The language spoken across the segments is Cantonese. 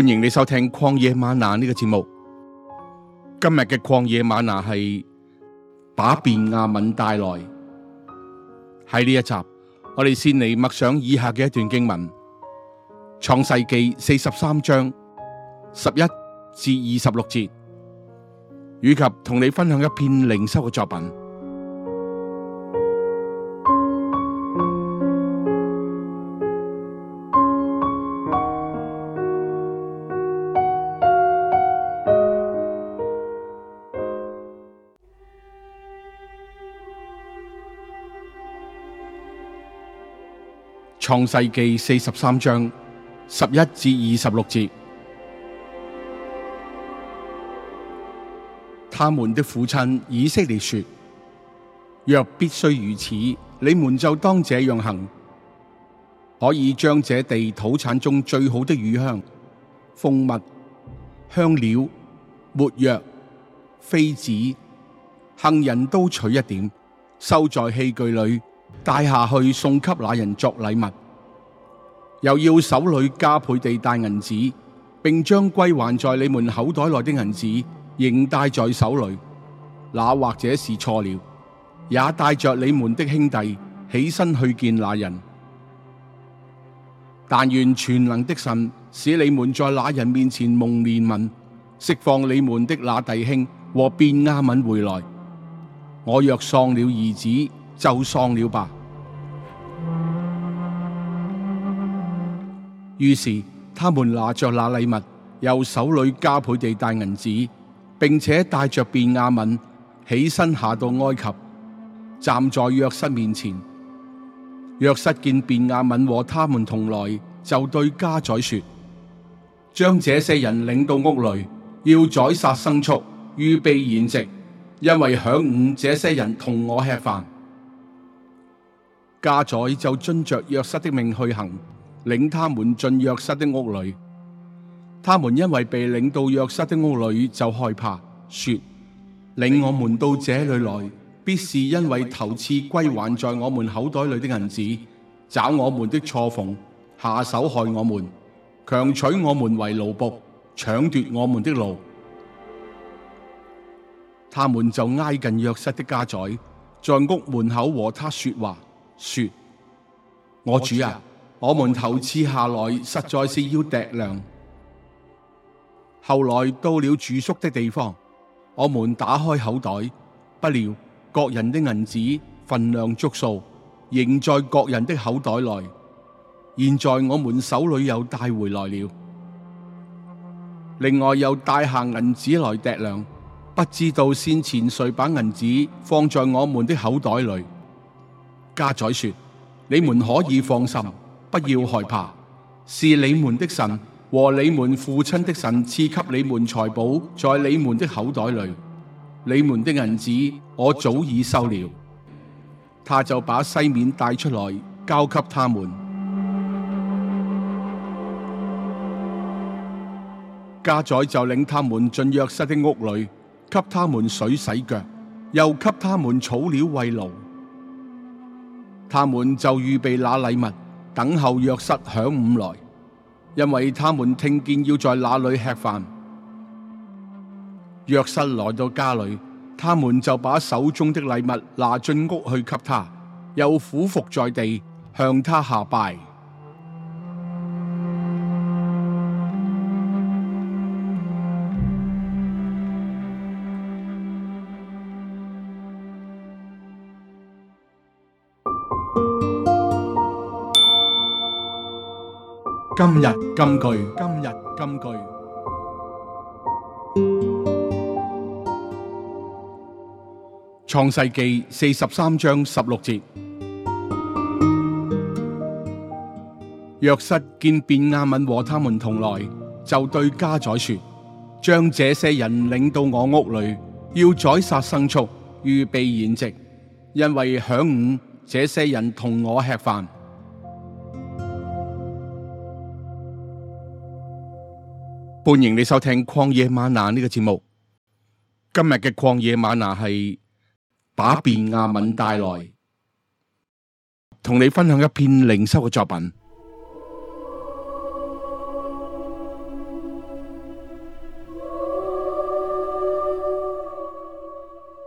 歡迎你收聽曠野嗎哪呢個節目。今日嘅曠野嗎哪係把便雅憫帶來。喺呢一集，我哋先嚟默想以下嘅一段經文，《創世記》四十三章十一至二十六節，與及同你分享一篇靈修嘅作品。創世記四十三章十一至二十六節，他們的父親以色列說：若必須如此，你們就當這樣行。可以將這地土產中最好的乳香、蜂蜜、香料、沒藥、榧子、杏仁都取一點，收在器具裏。帶下去送給那人作禮物，又要手裏加倍地帶銀子，並將歸還在你們口袋內的銀子仍帶在手裏。那或者是錯了，也帶着你們的兄弟起身去見那人。但願全能的神使你們在那人面前蒙憐憫，釋放你們的那弟兄和便雅憫回來。我若喪了兒子。就喪了吧。於是他們拿着那禮物，又手裏加倍地帶銀子，並且帶着便雅憫起身下到埃及，站在約瑟面前。約瑟見便雅憫和他們同來，就對家宰說：將這些人領到屋裏，要宰殺牲畜，預備筵席，因為晌午這些人同我吃飯。家宰就遵着約瑟的命去行，領他們進約瑟的屋裏。他們因為被領到約瑟的屋裏，就害怕，說：領我們到這裏來，必是因為頭次歸還在我們口袋裏的銀子，找我們的錯縫，下手害我們，強取我們為奴僕，搶奪我們的路。他們就挨近約瑟的家宰，在屋門口和他說話。說：我主啊，我們頭次下來實在是要糴糧。後來到了住宿的地方，我們打開口袋，不料各人的銀子分量足數，仍在各人的口袋內。現在我們手裏又帶回來了，另外又帶下銀子來糴糧。不知道先前誰把銀子放在我們的口袋裏？家宰說：你們可以放心，不要害怕，是你們的神和你們父親的神賜給你們財寶在你們的口袋裏，你們的銀子我早已收了。他就把西緬帶出來交給他們。家宰就領他們進約瑟的屋裏，給他們水洗腳，又給他們草料餵驢。他們就預備那禮物，等候約瑟晌午來，因為他們聽見要在那裏吃飯。約瑟來到家裏，他們就把手中的禮物拿進屋去給他，又俯伏在地向他下拜。今日金句，今日金句。創世記四十三章十六節，約瑟見便雅憫和他們同來，就對家宰說：將這些人領到我屋裡，要宰殺牲畜，預備筵席，因為晌午這些人同我吃飯。歡迎你收聽曠野嗎哪呢、這個節目。今日嘅曠野嗎哪係把便雅憫帶來，同你分享一篇靈修嘅作品。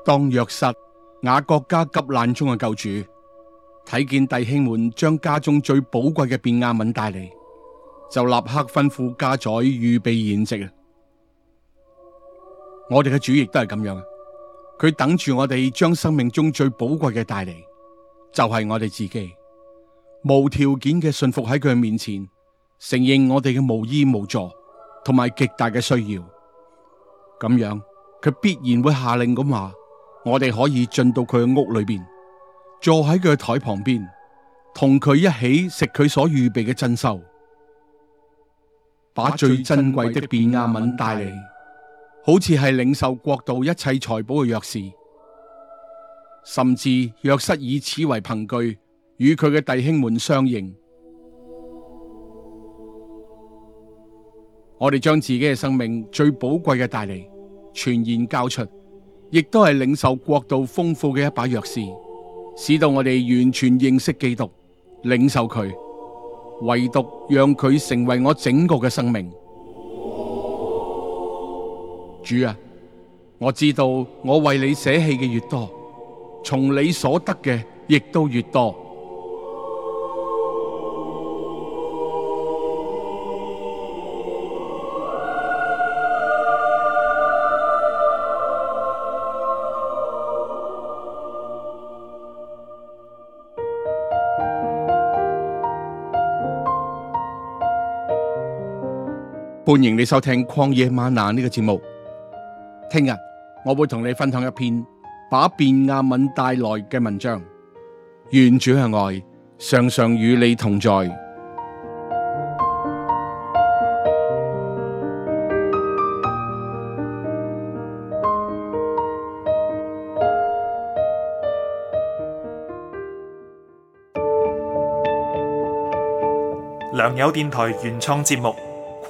當約瑟雅各家急難中嘅救主，睇見弟兄們將家中最寶貴嘅便雅憫帶嚟。就立刻吩咐家宰預備筵席啊！我哋嘅主亦都係咁樣啊！佢等住我哋將生命中最寶貴嘅帶嚟，就係、是、我哋自己無條件嘅信服喺佢面前，承認我哋嘅無依無助，同埋極大嘅需要。咁樣佢必然會下令咁話：我哋可以進到佢嘅屋裏邊，坐喺佢嘅台旁邊，同佢一起食佢所預備嘅珍饈。把最珍貴的便雅憫帶嚟，好似係領受國度一切財寶嘅鑰匙，甚至約瑟以此為憑據，與佢嘅弟兄們相認。我哋將自己嘅生命最寶貴嘅帶嚟，全然交出，亦都係領受國度豐富嘅一把鑰匙，使到我哋完全認識基督，領受佢。唯獨讓佢成為我整個嘅生命，主啊，我知道我為你捨棄嘅越多，從你所得嘅亦都越多。歡迎你收聽曠野嗎哪呢個節目。聽日我會同你分享一篇把便雅憫帶來嘅文章。願主嘅愛常常與你同在。良友電台原創節目。